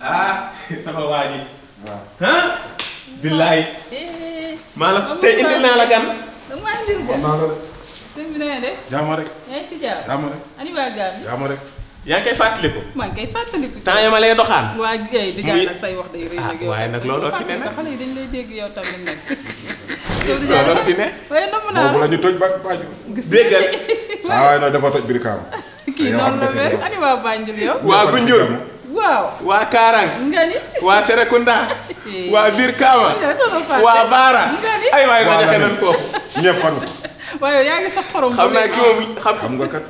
ah sama waa ji. waaw ah. billaay. maa la tey indil naa la gan. donc maa si jàmm. ani waa yaa ngi koy fàttaliku. maa ngi koy ma lay doxaan. waa Ndiaye eh, di jàll say wax day rëy ah, nag yow. waaye ne nag xale yi toj ba Banjul. gis déggal saa waay nag dafa toj biir kaam. kii noonu la mel waa Gunjur. waaw waa Kaarang. nga ni waa Serekunda. waa biir Kaama. waa Baara. nga ni ay waay ma joxe foofu. ñëpp xam waaye yaa ngi sa xorom. xam xam nga kat.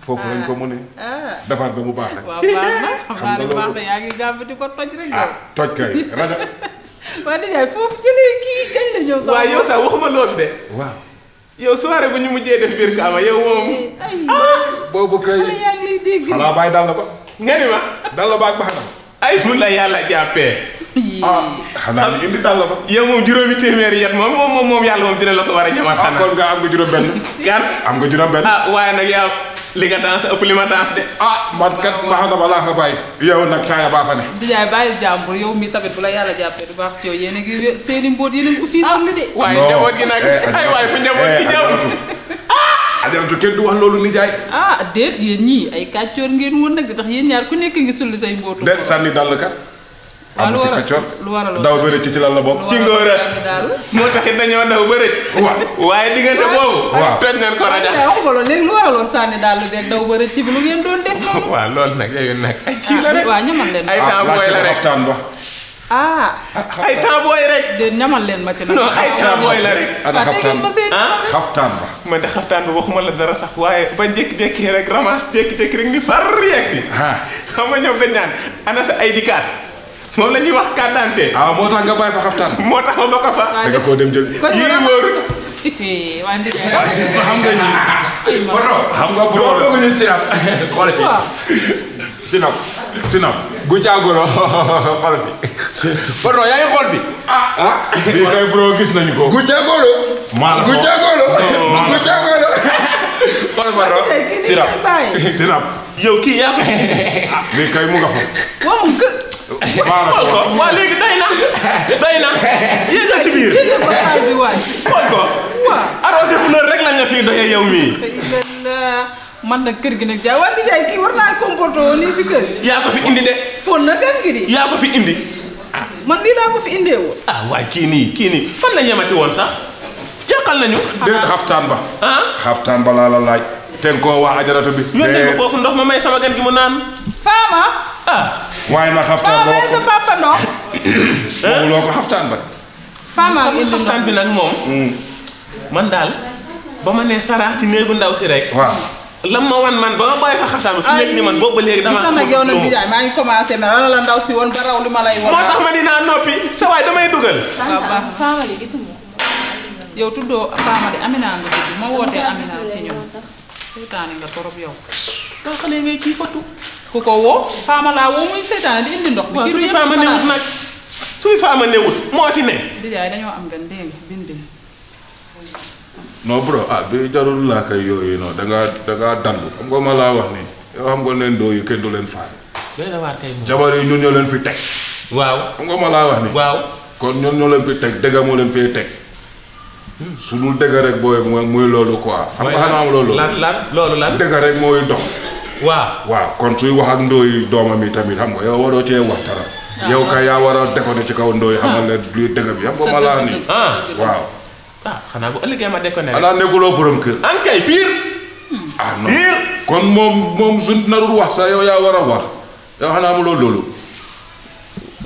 foofu lañ ko ah. mënee. Ah. defar ba mu baax rek. waaw na xam ngi jàmbati ko toj rek. ah toj kay rajo. waa Ndiaye sax. waaw yow loolu de. waaw. yow soirée bu ñu mujjee def biir Kaama yow moom. Ah, boobu kay xanaa bàyyi dal la ba. nga ni ma. dal la ba ak baax na. ay fu la yàlla jàppee. ah xanaa li indi dal la ba. yow moom juróomi téeméeri yat moom moom moom yàlla moom dina la am nga juróom benn. gan am nga juróom benn. ah waaye nag yaa li nga danse ëpp li ma danse de. ah man kat baax na ma laa fa bàyyi. yow nag taaya baa fa ne. Ndiaye bàyyil jàmbur yow mi tamit bu la yàlla jàppee du baax ci yow yéen a ngi seen mbóot yéen a ngi ko fii sonn de. Ah, waaye njaboot gi nag eh, ay waay fu njaboot gi eh, jàmbur. Ah! kenn du wax loolu nijaay. ah déet yéen ñii ay kàccoor ngeen woon nag di tax yéen ñaar ku nekk ngi sulli say mbóotu. déet sànni dàll kat. Ah, lu war a lu war a daw ba rëcc ci lan la bokk. ci ngóor a moo taxit waaye diggante boobu. waaw toj nañ loolu sànni daal lu beeg daw ba rëcc bi lu ngeen doon def. waaw loolu nag yooyu nag kii la ah, rek. waaw ñamal leen ay ah, temps booy la rek ah. ay temps booy rek. leen ma ci nag. non ay temps booy la rek. ana xaftaan ba xaftaan ba. de xaftaan ba waxuma la dara sax waaye ba jékki-jékki rek ramas jékki-jékki rek ni far yegg si. xam nga ñoom dañ ana sa ay dikaat moom la ñuy wax carte d'identité. ah moo tax nga bàyyi fa xaftaan. moo tax ma bokk fa. da nga koo dem jël. kon yii wóor. waa si xam nga nii. xam nga problème doo bëgg ñu sinap. xool fi sinap. sinap. gu caagolo xool fi. surtout Foddo yaa ngi xool fi. ah ah. lii kay bro gis nañu ko. gu caagolo. maa la ko gu caagolo. gu caagolo. xool Foddo sinap. sinap. yow kii yaa ko. lii ah. kay mu nga fa. waaw mu gë. xool ko day na day na yéegal ci biir xool ko arrosé fleur rek lañ la fii doyee yow mii man nag kër gi nag jaay waa nijaay ya, war kër ko fi indi de fon na gan gi di yaa ko fi indi ah. man lii laa ko fi indee woon ah waay kii nii kii nii fan la ñemati woon sax yàqal nañu déet xaftaan ba ah xaftaan ba la laaj ten koo ajaratu bi yónnee nga foofu ndox ma may sama gi mu naan waaye ma xaftaan boo sa papa ndox. boobu loo ko xaftaan ba. faamaa ngi xaftaan bi nag moom. Mm. man daal ba ma nee saraax ci néegu ndaw si rek. waaw lam ma wan man ba ma bàyyi fa xaftaan bi fu nekk ni man boobu ba léegi dama. gis nag yow maa ngi commencé na lan si woon ba raw li ma lay wan. moo tax ma dinaa noppi sa waay damay dugal. waaw yow tuddoo faamali Amina nga ma wootee Amina ci ñoom. tuutaane nga torop yow. soo xalee ngay ciy fottu. ku ko woo faama laa woo muy seetaan di indi ndox suy faama moo fi ne. Ndiaye dañoo am gan dégg nga bindil. non ah bi jarul laa koy yooyu noonu da dandu xam nga ma laa wax nii yow xam nga leen doo yi kenn du leen faale. jabar yi ñun ñoo leen fi teg. waaw xam nga ma laa wax nii. kon ñun ñoo leen fi teg dëgg moo leen fee teg. Hmm. su dul dëgg rek booy mooy loolu quoi. xam nga xanaa loolu. lan lan loolu lan. dëgg rek mooy dox. waaw waaw kon suy wax ak ndooy doomam yi tamit xam nga yow waroo cee wax dara. Ah. yow kay yaa war a ci kaw ndooy ah. xamal ne du dëgg bi yam ba ma laa nii ah. waaw. ah xanaa bu ëllëgee ma déconné nekkuloo borom kër. an biir. Hmm. biir. kon moom moom suñ narul wax sax yow yaa war a wax yow xanaa amuloo loolu.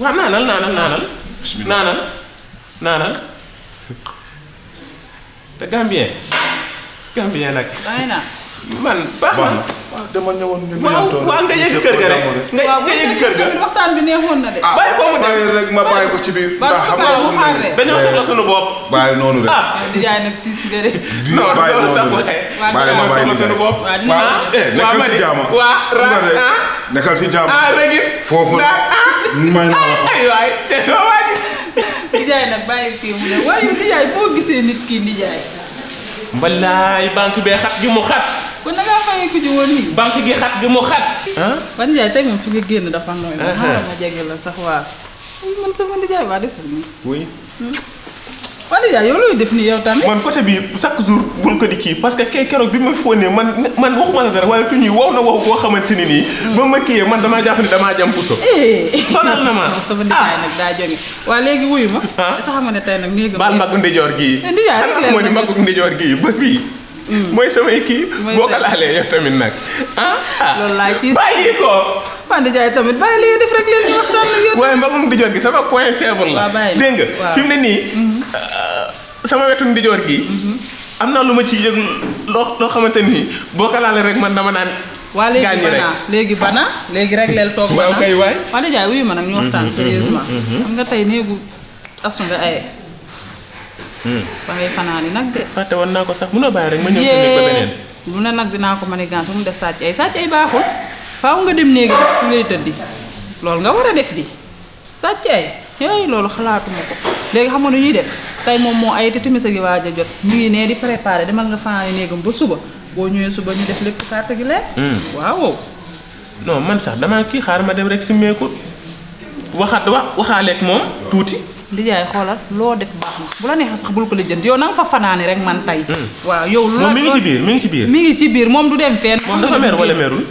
waaw naanal naanal naanal. naanal te Gambien Gambien nag. man baax na ah, waaw dama ñëwoon nga yegg kër ga ah, ko ci biir. ndax xam nga dañoo soxla sunu bopp. bàyyi noonu rek ah. jaay nag si eh, si ma bàyyi soxla sunu bopp. nekkal si jaama. Ah, rek foofu la may ma la. aywaay te nag bàyyi fii mu waaye foo gisee nit ki nijaay. mbalaay banque bee xat ju mu xat. kon da ngaa fayee ku woon nii. banque gi xat gi mu xat. ban Ndiaye tey moom fi nga génn dafa nooy. ma la sax waa. man sama Ndiaye waa deful nii. Hmm? def nii yow tamit. man côté jour bul ko di kii parce que kay keroog bi ma fóonee man man waxuma la dara waaye tu ñuy wow na wow boo xamante ni nii. Hmm. ba ma kiyee man damaa jàpp ne damaa jàmpu so. Eh. sonal na ma ah sama Ndiaye ah. nag daa jógee. waa léegi wuyu ma. ah sax xam nga ne tey nag. baal mag ndijoor gii. ndijaay rek la ma ne mag gii ba fii moy sama kii boo ko laalee yow tamit nak ah loolu laay tiis bàyyi baik man di tamit bàyyi li def rek li mbagum gi sama point faible la dégg nga ne sama wetum di gi am na ci yëg loo loo xamante nii boo rek man dama naan waa léegi bana léegi bana léegi rek leel toog waaw kay waay waa di jaay wuyu ñu sérieusement nga Hmm. fa ngay fanaani nag de. fàtte woon naa ko sax munoo bàyyi rek ma ñëw si nag dinaa ko mën a gàncax mu def sàcc ay sàcc ay baaxul faaw nga dem néegi fu ngay tëddi loolu nga war a def di sàcc ay ay loolu xalaatuma ko léegi xam nga nu ñuy def tey moom moo ay te timis gi waaj a jot ñu ngi nee di préparé demal nga fanaani néegam ba suba boo ñëwee suba ñu def lépp carte gi leer. Hmm. waaw. non man sax damaa kii xaar ma dem rek si meeku waxaat wa waxaaleet moom tuuti. jay xolal lo def baax na bu la neexee sax lu ko lijjanti yow na nga fa fanane rek man tay hmm. waaw yow lu mi ngi ci biir mi ngi ci biir mi ngi ci biir mom du dem fen. mom dafa mer wala merul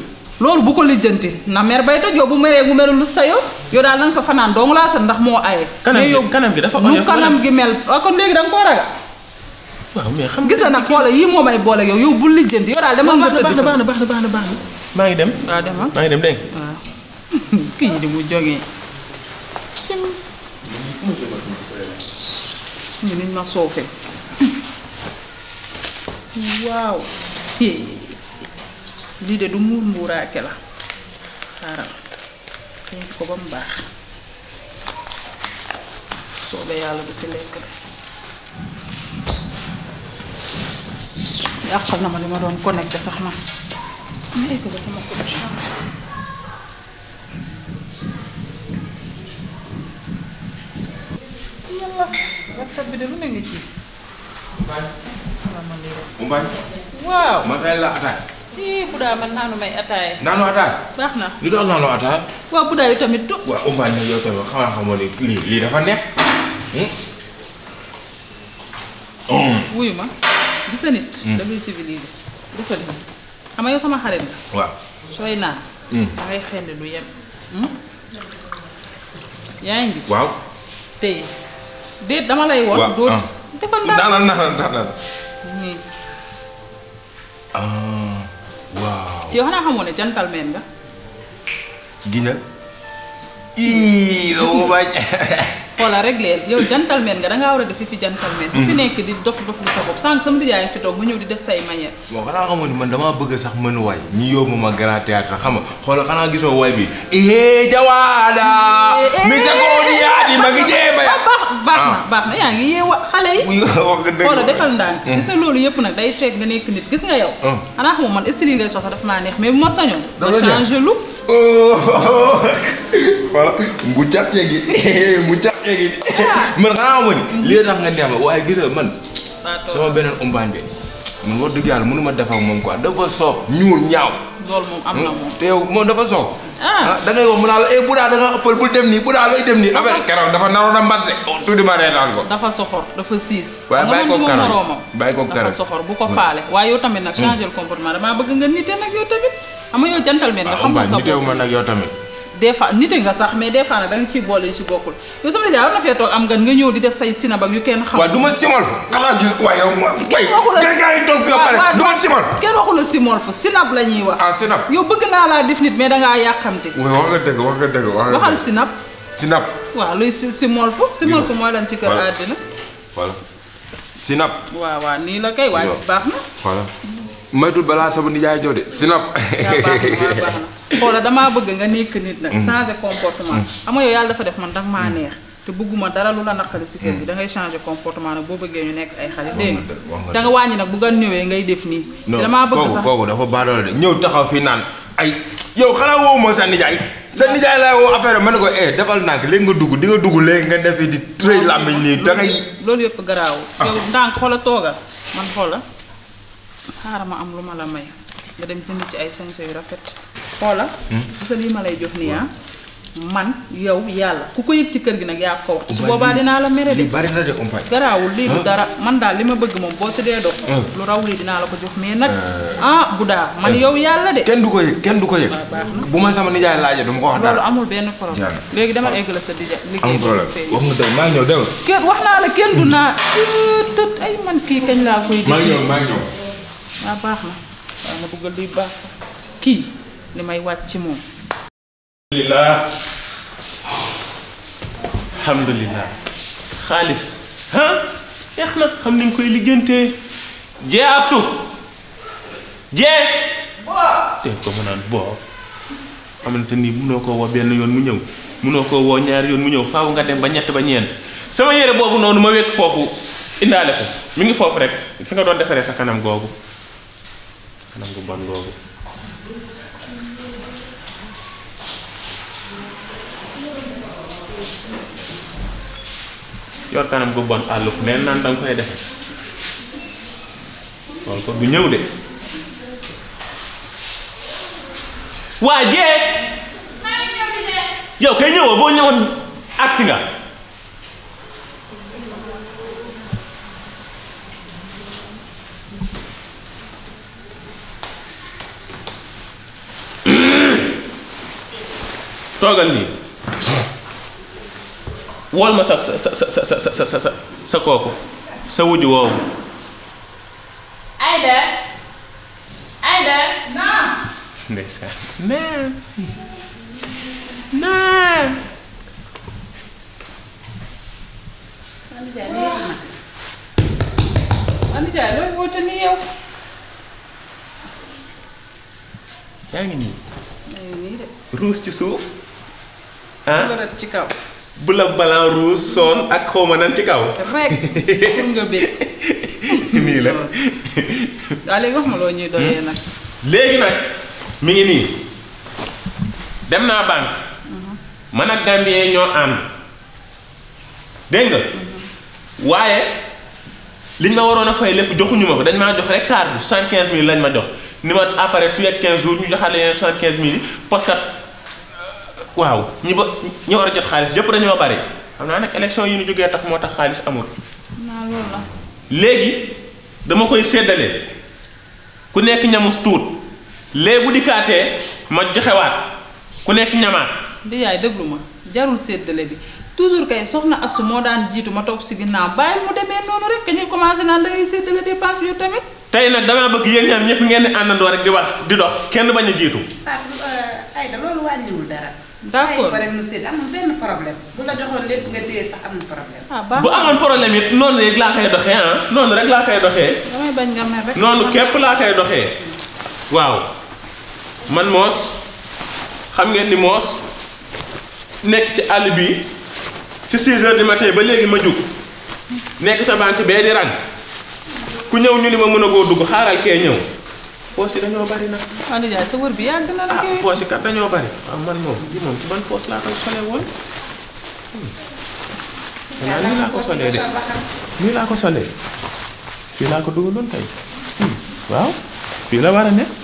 lolou bu ko lijjanti na mer bay toj yow bu meree gu merul lu sayo yow dal nang fa fanane do laa sa ndax mo aye kanam gi dafa oyof kanam gi mel kon léegi dang ko raga waaw mais xam gisa na xolal yi moo may boole yow yow bu lijjanti yow dal dama nga tëdd baax na baax na baax baax baax ngi dem waaw demal ngi dem deng kii di mu ñu niñ ma soofe waaw lii de du muur mbuuraake la xaaral xeeñ ko ba mu baax soobe yàlla du si lekk de yàqal na ma li ma doon connecté sax man ma egg ba sama connexion Iyalah. WhatsApp beda lu nengit kids. Umban. Wow. Matay la Wow. Ii buda man nanu may atay. Nanu ada. Baax na. Li do nanu ada? Nah. Wow, buda itu tamit Wow, Wa umban ni yo tamit mau xamo ni li ya. hmm? hmm. hmm. li ya, ya. Wow, neex. Hmm. Oh. Wuy ma. Gisa nit da ngay Beli Du Kamu def. sama xarit Wow. Waaw. Soy na. Hmm. Da ngay xend Wow. yeb. Hmm. Yaa ngi Wow. Waaw. déet dama lay woon. waaw ah defal naa nax nax nax ah waaw. xanaa xamoo ne gentleman nga. dina. iii loolu xoola réglé yow gentleman nga da nga war a def fi gentleman fi mm-hmm. nekk di dof dof lu sa bopp sànq sama nijaay fi toog mu ñëw di def say manière bon xanaa xamoon man damaa bëgg sax mën way ñu yóbbu ma grand théâtre xam nga xoola xanaa gisoo way bi eh jawaada mi sa ko di ma ngi jéema ya baax baax na ah. baax na yaa ngi yee xale yi xoola defal ndànk mm. gis nga loolu yëpp nag day fekk nga nekk nit gis nga yow mm. xanaa xamoon man style ngay sosa daf maa neex mais bu ma sañoon ma changer look voilà oh, mu càccee gi mu càccee léegi ah. man xanaa ma ni mm-hmm. lii tax nga neex ma waaye gis man sama beneen umbaan bi man wax dëgg yàlla mënu ma def ak moom quoi dafa soob ñuul ñaaw. loolu moom am na hmm? moom. dafa soob. Ah. ah da ngay wax mu naan la eh bu da nga ëppal bul dem dafa naroon a mbase oh, tuuti ma reetaan ko. dafa soxor dafa siis. waaye bàyyi ko karam bàyyi ko karam bu ko faale. Hmm. waaye yow tamit nag hmm. changer le comportement damaa bëgg nga nite ah, nag yow tamit xam nga nga. xam nga sa bopp waaw nag yow tamit. des fois nite nga sax mais des fois nag da nga ciy boole ci bokkul yow sama nijaay war na fee toog am gan nga ñëw di def say sinab ak yu kenn xam. waaw du ma simol fa xanaa gis waaye yow mooy. kenn waxu la du ma simol. kenn waxu la simol fa la ñuy wax. ah sinab yow bëgg naa laa def nit mais da ngaa yàqamte. waaw wax nga dëgg wax nga luy si simol fa. simol fa mooy lan ci kër àddina. voilà sinab. nii la kay waaye baax na. voilà moytul balaa sama nijaay joo de sinab. xoola damaa bëgg nga nekk nit nag. Mm. changer comportement. Mm. xam nga yow yàlla dafa def man daf maa mm. neex. te bëgguma dara lu la naqari si kër gi da ngay changer comportement nag boo bëggee ñu nekk ay xale. dégg nga da nga wàññi nag bu nga ñëwee ngay def nii. damaa bëgg sax kooku dafa baadoole de ñëw taxaw fii naan ay yow xanaa woowu ma sa nijaay. sa ah. nijaay laa woo affaire ma ne ko eh defal nànk léegi nga dugg di nga dugg léegi nga def di tëj ah, làmmiñ nii da ngay. loolu yëpp garaaw. Ah. yow ndànk xoola toogal man xoola xaaral ma am lu ma la may nga dem jënd ci ay sañse yu rafet xoola hmm. sa lii malay jox ni ah man yow yalla ku ko yëg ci kër gi nak ya ko wax su boobaa dina la mere li bari na de umpay garaawul li du ah. dara man daal lima ma bëgg moom boo si do ah. lu raw li dina la ko jox mais nak eh. ah bu man eh. yow yalla de kenn du ko yek kenn du ko yek bu ma sama nijaay laaje dum ko wax dara loolu amul ben problème léegi dama ah. egg la sa dija liggéey amul problème wax nga dem ma ñew dem dégg wax na la kenn du na tut ay man ki kañ la koy dégg ma ñew ma ñew ba ñëw waa baax na waaw nga bëgg luy baax sax ki li may wàcc ci moom alhamdulilah alhamdulilah xaalis ah yeex na xam ni nga koy liggéeyantee jee astu jee dégg ko mu naan boo xamante ni munoo koo woo benn yoon mu ñëw munoo koo woo ñaari yoon mu ñëw faaw nga dem ba ñett ba ñeent sama yére boobu noonu ma wékk foofu indaale ko mi ngi foofu rek fi nga doon defaree sa kanam googu kanam gu bon googu yor kanam gu bon àlluk neen naan danga ya koy def loolu ko du ñëw de waa jee yow kay ñëwoo boo ñëwoon aksi nga togal nii wool ma sa sa sa sa sa sa sa sa wujju woowu. Aïda Aïda. naam. ndeysaan naam naam. ngi nii. ruus ci suuf. ah ci kaw. bu la blanc rouge son ak xaw ma nan ci kaw. rek nga bëgg. nii la. waaw léegi ma loo ñuy doyee nag. Hmm? léegi nag mi ngi nii dem naa banque. Mhm. man ak Gambien ñoo ànd. dégg nga. Mhm. waaye liñ ma waroon a fay lépp joxuñu ma ko dañ maa jox rek carte bi cent quinze mille lañ ma jox ni ma appareil fii ak quinze jours ñu joxaat la yeneen cent quinze mille parce waaw ñu ba ñu war a jot xaalis yëpp dañoo bari xam naa nag élection yi ñu jógee tax moo tax xaalis amul. léegi dama koy seddale ku nekk ñamus tuut lee bu dikkaatee ma joxewaat ku nekk ñamaat. di yaay déglu ma jarul séddale bi toujours kay soxna Asou moo daan jiitu ma topp si ginnaaw bàyyil mu demee noonu rek que ñuy commencé naan da ngay séddale dépense bi tamit. tey nag damaa bëgg yéen ñaar ñëpp ngeen di àndandoo rek di wax di dox kenn bañ a jiitu. Pape euh, Ayda loolu d'accord ay problème seen amul benn problème bu la joxoon lépp nga téye sax amul problème. Ah, bu amoon problème it noonu rek laa koy doxee ah noonu rek laa koy doxee. damay bañ nga noonu képp laa koy doxee. waaw man moos xam ngeen ni moos nekk ci àll bi ci 6 heures du matin ba léegi ma jug nekk sa banque bee di rang ku ñëw ñu ni ma mën a goo dugg xaaral kee ñëw. poos yi dañoo bari nag. waaw nijaay sa wër bi yàgg na la. ah poos yi kat dañoo bari. waaw ah, man moom bi moom poos laa koy solee woon. yaa hmm. nii laa ko solee de nii laa ko solee. fii laa ko dugaloon tey. Hmm. waaw fii la war a ne.